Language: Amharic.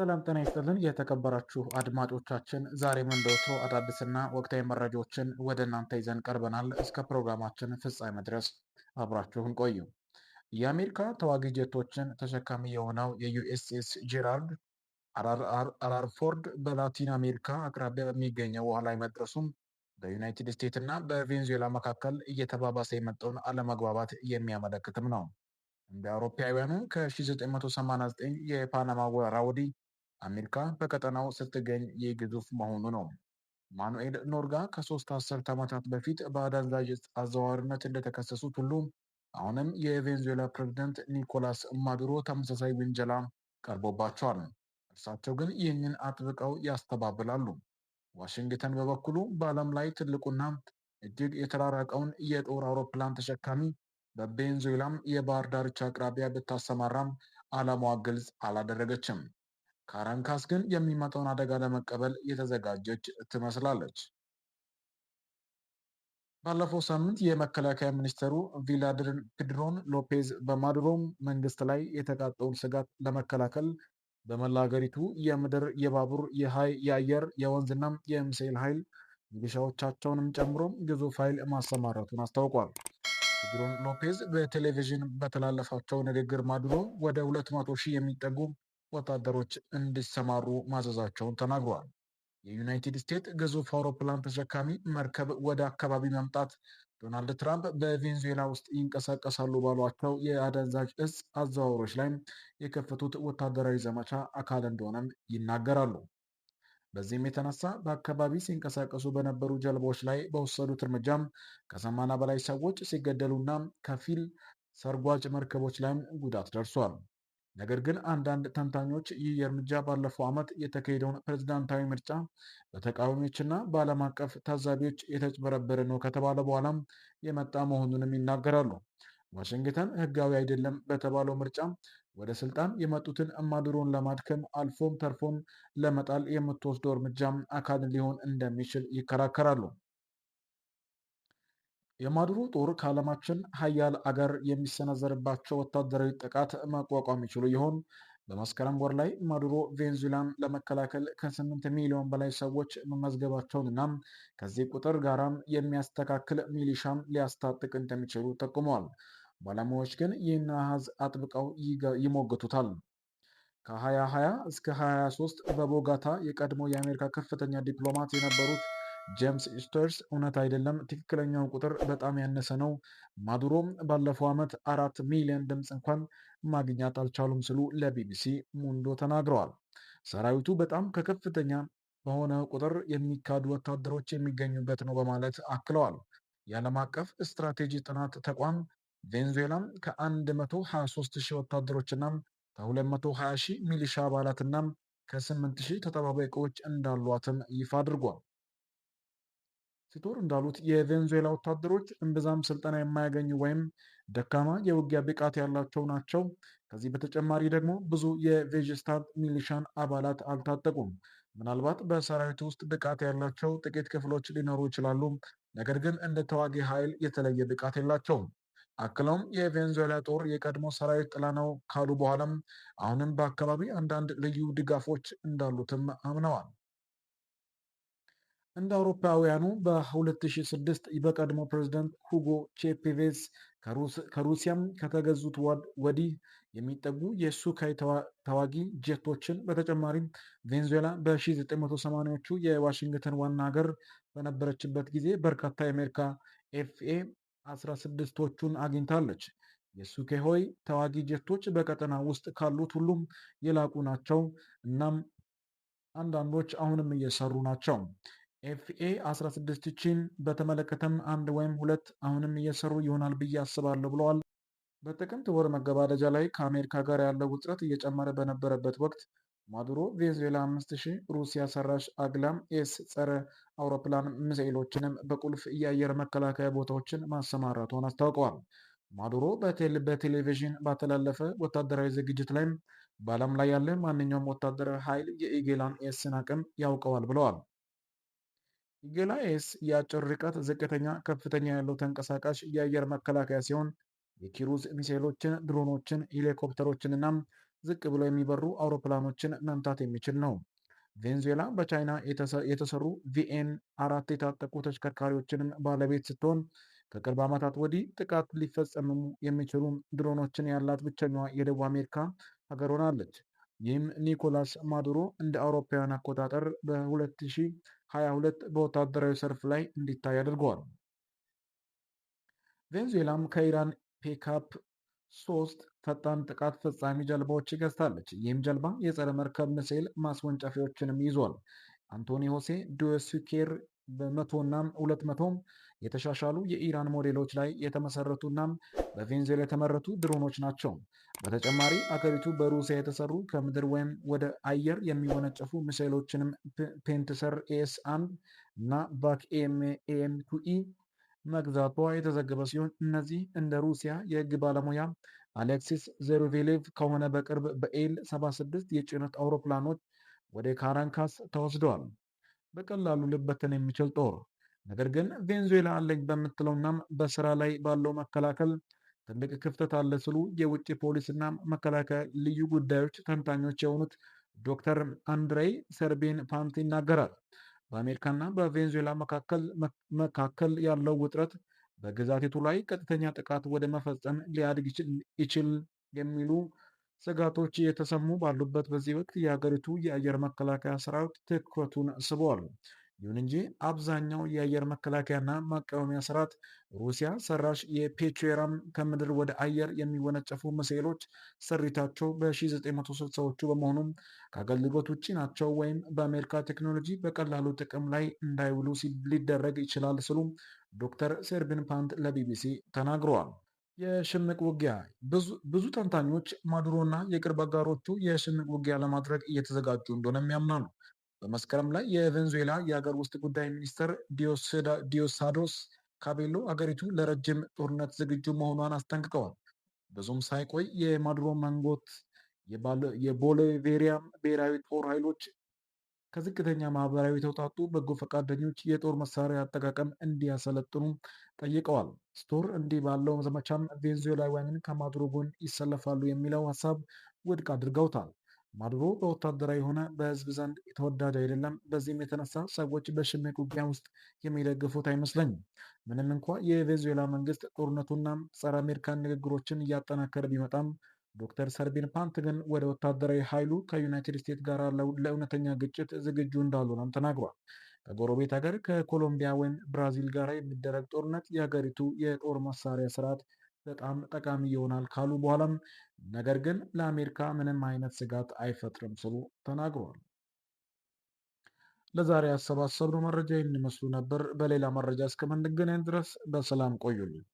ሰላም ጤና ይስጥልን። የተከበራችሁ አድማጮቻችን ዛሬም እንደወትሮ አዳዲስና ወቅታዊ መረጃዎችን ወደ እናንተ ይዘን ቀርበናል። እስከ ፕሮግራማችን ፍጻሜ ድረስ አብራችሁን ቆዩ። የአሜሪካ ተዋጊ ጀቶችን ተሸካሚ የሆነው የዩኤስኤስ ጄራልድ አራርፎርድ በላቲን አሜሪካ አቅራቢያ በሚገኘው ውሃ ላይ መድረሱም በዩናይትድ ስቴትስ እና በቬንዙዌላ መካከል እየተባባሰ የመጣውን አለመግባባት የሚያመለክትም ነው። እንደ አውሮፓውያኑ ከ1989 የፓናማ ወረራ ወዲህ አሜሪካ በቀጠናው ስትገኝ የግዙፍ መሆኑ ነው። ማኑኤል ኖርጋ ከሶስት አስርት ዓመታት በፊት በአደንዛዥ ዕፅ አዘዋዋሪነት እንደተከሰሱት ሁሉ አሁንም የቬንዙዌላ ፕሬዚደንት ኒኮላስ ማዱሮ ተመሳሳይ ውንጀላ ቀርቦባቸዋል። እርሳቸው ግን ይህንን አጥብቀው ያስተባብላሉ። ዋሽንግተን በበኩሉ በዓለም ላይ ትልቁና እጅግ የተራራቀውን የጦር አውሮፕላን ተሸካሚ በቬንዙዌላም የባህር ዳርቻ አቅራቢያ ብታሰማራም ዓላማዋ ግልጽ አላደረገችም። ካራንካስ ግን የሚመጣውን አደጋ ለመቀበል የተዘጋጀች ትመስላለች። ባለፈው ሳምንት የመከላከያ ሚኒስትሩ ቪላድር ፔድሮን ሎፔዝ በማዱሮ መንግስት ላይ የተቃጠውን ስጋት ለመከላከል በመላ ሀገሪቱ የምድር፣ የባቡር፣ የሀይ የአየር፣ የወንዝና የሚሳኤል ኃይል ሚሊሻዎቻቸውንም ጨምሮ ግዙፍ ኃይል ማሰማራቱን አስታውቋል። ፔድሮን ሎፔዝ በቴሌቪዥን በተላለፋቸው ንግግር ማዱሮ ወደ 200 ሺህ የሚጠጉ ወታደሮች እንዲሰማሩ ማዘዛቸውን ተናግሯል። የዩናይትድ ስቴትስ ግዙፍ አውሮፕላን ተሸካሚ መርከብ ወደ አካባቢ መምጣት ዶናልድ ትራምፕ በቬንዙዌላ ውስጥ ይንቀሳቀሳሉ ባሏቸው የአደንዛዥ እጽ አዘዋወሮች ላይ የከፈቱት ወታደራዊ ዘመቻ አካል እንደሆነም ይናገራሉ። በዚህም የተነሳ በአካባቢ ሲንቀሳቀሱ በነበሩ ጀልባዎች ላይ በወሰዱት እርምጃም ከሰማና በላይ ሰዎች ሲገደሉና ከፊል ሰርጓጅ መርከቦች ላይም ጉዳት ደርሷል። ነገር ግን አንዳንድ ተንታኞች ይህ የእርምጃ ባለፈው ዓመት የተካሄደውን ፕሬዝዳንታዊ ምርጫ በተቃዋሚዎችና በዓለም አቀፍ ታዛቢዎች የተጭበረበረ ነው ከተባለ በኋላም የመጣ መሆኑንም ይናገራሉ። ዋሽንግተን ሕጋዊ አይደለም በተባለው ምርጫ ወደ ስልጣን የመጡትን ማዱሮን ለማድከም አልፎም ተርፎም ለመጣል የምትወስደው እርምጃም አካል ሊሆን እንደሚችል ይከራከራሉ። የማዱሮ ጦር ከዓለማችን ሀያል አገር የሚሰነዘርባቸው ወታደራዊ ጥቃት መቋቋም ይችሉ ይሆን? በመስከረም ወር ላይ ማዱሮ ቬንዙላን ለመከላከል ከ8 ሚሊዮን በላይ ሰዎች መመዝገባቸውን እና ከዚህ ቁጥር ጋራም የሚያስተካክል ሚሊሻም ሊያስታጥቅ እንደሚችሉ ጠቁመዋል። ባለሙያዎች ግን ይህን አሃዝ አጥብቀው ይሞግቱታል። ከ2020 እስከ 2023 በቦጋታ የቀድሞ የአሜሪካ ከፍተኛ ዲፕሎማት የነበሩት ጄምስ ስቶርስ እውነት አይደለም፣ ትክክለኛው ቁጥር በጣም ያነሰ ነው። ማዱሮም ባለፈው ዓመት አራት ሚሊዮን ድምፅ እንኳን ማግኘት አልቻሉም ሲሉ ለቢቢሲ ሙንዶ ተናግረዋል። ሰራዊቱ በጣም ከከፍተኛ በሆነ ቁጥር የሚካዱ ወታደሮች የሚገኙበት ነው በማለት አክለዋል። የዓለም አቀፍ ስትራቴጂ ጥናት ተቋም ቬንዙዌላም ከ123 ሺህ ወታደሮችና ከ220 ሺህ ሚሊሻ አባላትና ከ8 ሺህ ተጠባባቂዎች እንዳሏትም ይፋ አድርጓል። ሲቶር እንዳሉት የቬንዙዌላ ወታደሮች እምብዛም ስልጠና የማያገኙ ወይም ደካማ የውጊያ ብቃት ያላቸው ናቸው። ከዚህ በተጨማሪ ደግሞ ብዙ የቬጅስታት ሚሊሻን አባላት አልታጠቁም። ምናልባት በሰራዊት ውስጥ ብቃት ያላቸው ጥቂት ክፍሎች ሊኖሩ ይችላሉ፣ ነገር ግን እንደ ተዋጊ ኃይል የተለየ ብቃት የላቸውም። አክለውም የቬንዙዌላ ጦር የቀድሞ ሰራዊት ጥላ ነው ካሉ በኋላም አሁንም በአካባቢ አንዳንድ ልዩ ድጋፎች እንዳሉትም አምነዋል። እንደ አውሮፓውያኑ በ2006 በቀድሞ ፕሬዚደንት ሁጎ ቼፔቬዝ ከሩሲያም ከተገዙት ወዲህ የሚጠጉ የሱካይ ተዋጊ ጀቶችን በተጨማሪም ቬንዙዌላ በ1980ዎቹ የዋሽንግተን ዋና ሀገር በነበረችበት ጊዜ በርካታ የአሜሪካ ኤፍኤ 16ቶቹን አግኝታለች። ሆይ ተዋጊ ጀቶች በቀጠና ውስጥ ካሉት ሁሉም የላቁ ናቸው። እናም አንዳንዶች አሁንም እየሰሩ ናቸው። ኤፍኤ 16 ቺን በተመለከተም አንድ ወይም ሁለት አሁንም እየሰሩ ይሆናል ብዬ አስባለሁ ብለዋል። በጥቅምት ወር መገባደጃ ላይ ከአሜሪካ ጋር ያለው ውጥረት እየጨመረ በነበረበት ወቅት ማዱሮ ቬንዙዌላ 5000 ሩሲያ ሰራሽ አግላም ኤስ ጸረ አውሮፕላን ሚሳኤሎችንም በቁልፍ የአየር መከላከያ ቦታዎችን ማሰማራቷን አስታውቀዋል። ማዱሮ በቴሌቪዥን ባተላለፈ ወታደራዊ ዝግጅት ላይም በዓለም ላይ ያለ ማንኛውም ወታደራዊ ኃይል የኢጌላን ኤስን አቅም ያውቀዋል ብለዋል። ግላይስ የአጭር ርቀት ዝቅተኛ ከፍተኛ ያለው ተንቀሳቃሽ የአየር መከላከያ ሲሆን የኪሩዝ ሚሳይሎችን፣ ድሮኖችን፣ ሄሊኮፕተሮችንና ዝቅ ብለው የሚበሩ አውሮፕላኖችን መምታት የሚችል ነው። ቬንዙዌላ በቻይና የተሰሩ ቪኤን አራት የታጠቁ ተሽከርካሪዎችንም ባለቤት ስትሆን ከቅርብ ዓመታት ወዲህ ጥቃት ሊፈጸምሙ የሚችሉ ድሮኖችን ያላት ብቸኛዋ የደቡብ አሜሪካ ሀገር ሆናለች። ይህም ኒኮላስ ማዱሮ እንደ አውሮፓውያን አቆጣጠር በ2022 በወታደራዊ ሰልፍ ላይ እንዲታይ አድርገዋል። ቬንዙዌላም ከኢራን ፔካፕ ሶስት ፈጣን ጥቃት ፈጻሚ ጀልባዎች ገዝታለች። ይህም ጀልባ የጸረ መርከብ ምስል ማስወንጨፊያዎችንም ይዟል። አንቶኒ ሆሴ ዱስኬር በመቶና ሁለት መቶ የተሻሻሉ የኢራን ሞዴሎች ላይ የተመሰረቱ እናም በቬንዙዌላ የተመረቱ ድሮኖች ናቸው። በተጨማሪ አገሪቱ በሩሲያ የተሰሩ ከምድር ወይም ወደ አየር የሚወነጨፉ ሚሳይሎችንም ፔንትሰር ኤስ አንድ እና ባክ ኤምቱኢ መግዛቷ የተዘገበ ሲሆን እነዚህ እንደ ሩሲያ የህግ ባለሙያ አሌክሲስ ዘሩቬሌቭ ከሆነ በቅርብ በኤል 76 የጭነት አውሮፕላኖች ወደ ካራንካስ ተወስደዋል። በቀላሉ ልበትን የሚችል ጦር ነገር ግን ቬንዙዌላ አለኝ በምትለውናም በስራ ላይ ባለው መከላከል ትልቅ ክፍተት አለ ሲሉ የውጭ ፖሊስና መከላከያ ልዩ ጉዳዮች ተንታኞች የሆኑት ዶክተር አንድሬይ ሰርቤን ፓንት ይናገራል። በአሜሪካና በቬንዙዌላ መካከል ያለው ውጥረት በግዛቲቱ ላይ ቀጥተኛ ጥቃት ወደ መፈጸም ሊያድግ ይችል የሚሉ ስጋቶች የተሰሙ ባሉበት በዚህ ወቅት የሀገሪቱ የአየር መከላከያ ሰራዊት ትኩረቱን ስቧል። ይሁን እንጂ አብዛኛው የአየር መከላከያና መቃወሚያ ስርዓት ሩሲያ ሰራሽ የፔቹራም ከምድር ወደ አየር የሚወነጨፉ ሚሳኤሎች ስሪታቸው በ1960ዎቹ በመሆኑም ከአገልግሎት ውጭ ናቸው ወይም በአሜሪካ ቴክኖሎጂ በቀላሉ ጥቅም ላይ እንዳይውሉ ሊደረግ ይችላል ሲሉ ዶክተር ሴርቢን ፓንት ለቢቢሲ ተናግረዋል። የሽምቅ ውጊያ ብዙ ተንታኞች ማዱሮና የቅርብ አጋሮቹ የሽምቅ ውጊያ ለማድረግ እየተዘጋጁ እንደሆነ ያምናሉ። በመስከረም ላይ የቬንዙዌላ የሀገር ውስጥ ጉዳይ ሚኒስትር ዲዮሳዶስ ካቤሎ አገሪቱ ለረጅም ጦርነት ዝግጁ መሆኗን አስጠንቅቀዋል። ብዙም ሳይቆይ የማድሮ መንጎት የቦሊቬሪያ ብሔራዊ ጦር ኃይሎች ከዝቅተኛ ማህበራዊ የተውጣጡ በጎ ፈቃደኞች የጦር መሳሪያ አጠቃቀም እንዲያሰለጥኑ ጠይቀዋል። ስቶር እንዲህ ባለው ዘመቻም ቬንዙዌላውያንን ከማዱሮ ጎን ይሰለፋሉ የሚለው ሀሳብ ውድቅ አድርገውታል። ማድሮ በወታደራዊ የሆነ በህዝብ ዘንድ የተወዳጅ አይደለም። በዚህም የተነሳ ሰዎች በሽምቅ ውጊያ ውስጥ የሚደግፉት አይመስለኝም። ምንም እንኳ የቬንዙዌላ መንግስት ጦርነቱና ጸረ አሜሪካን ንግግሮችን እያጠናከረ ቢመጣም ዶክተር ሰርቢን ፓንት ግን ወደ ወታደራዊ ኃይሉ ከዩናይትድ ስቴትስ ጋር ለእውነተኛ ግጭት ዝግጁ እንዳልሆነም ተናግሯል። ከጎረቤት ሀገር ከኮሎምቢያ ወይም ብራዚል ጋር የሚደረግ ጦርነት የሀገሪቱ የጦር መሳሪያ ስርዓት በጣም ጠቃሚ ይሆናል ካሉ በኋላም ነገር ግን ለአሜሪካ ምንም አይነት ስጋት አይፈጥርም ስሉ ተናግረዋል። ለዛሬ ያሰባሰብነው መረጃ ይህን ይመስሉ ነበር። በሌላ መረጃ እስከምንገናኝ ድረስ በሰላም ቆዩልን።